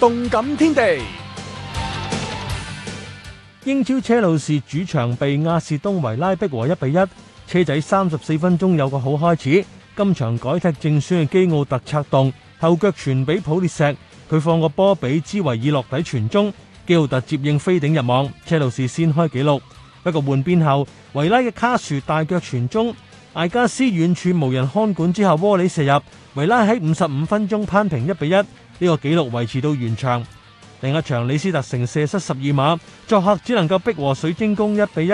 動感天地，英超車路士主場被阿士東維拉逼和一比一。車仔三十四分鐘有個好開始，今場改踢正選嘅基奧特策動，後腳傳俾普列石，佢放個波俾茲維爾落底傳中，基奧特接應飛頂入網，車路士先開紀錄。不過換邊後，維拉嘅卡樹大腳傳中，艾加斯遠柱無人看管之後窩利射入，維拉喺五十五分鐘扳平一比一。呢個紀錄維持到完場。另一場，李斯特城射失十二碼，作客只能夠逼和水晶宮一比一。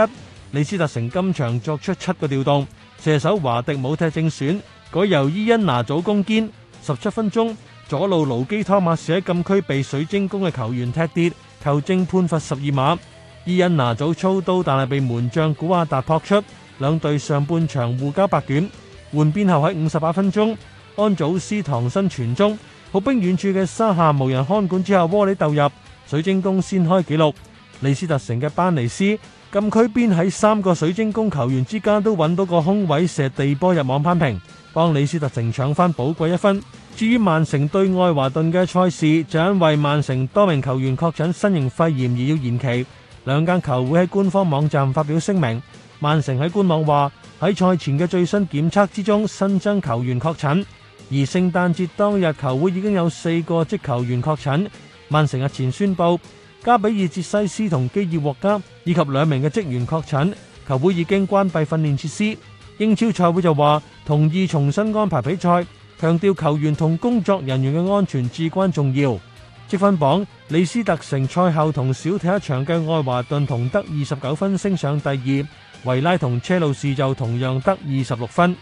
李斯特城今場作出七個調動，射手華迪冇踢正選，改由伊恩拿祖攻堅。十七分鐘，左路勞基湯馬士喺禁區被水晶宮嘅球員踢跌，球證判罰十二碼。伊恩拿祖操刀，但係被門將古阿達撲出。兩隊上半場互交白卷，換邊後喺五十八分鐘，安祖斯唐新傳中。步兵遠處嘅沙下無人看管之後，窩裏竇入水晶宮先開紀錄。李斯特城嘅班尼斯禁區邊喺三個水晶宮球員之間都揾到個空位，射地波入網攀平，幫李斯特城搶翻寶貴一分。至於曼城對愛華頓嘅賽事，就因為曼城多名球員確診新型肺炎而要延期。兩間球會喺官方網站發表聲明。曼城喺官網話喺賽前嘅最新檢測之中新增球員確診。而聖誕節當日，球會已經有四個職球員確診。曼城日前宣布，加比爾哲西斯同基爾獲加以及兩名嘅職員確診。球會已經關閉訓練設施。英超賽會就話同意重新安排比賽，強調球員同工作人員嘅安全至關重要。積分榜：李斯特城賽後同少踢一場嘅愛華頓同得二十九分，升上第二；維拉同車路士就同樣得二十六分。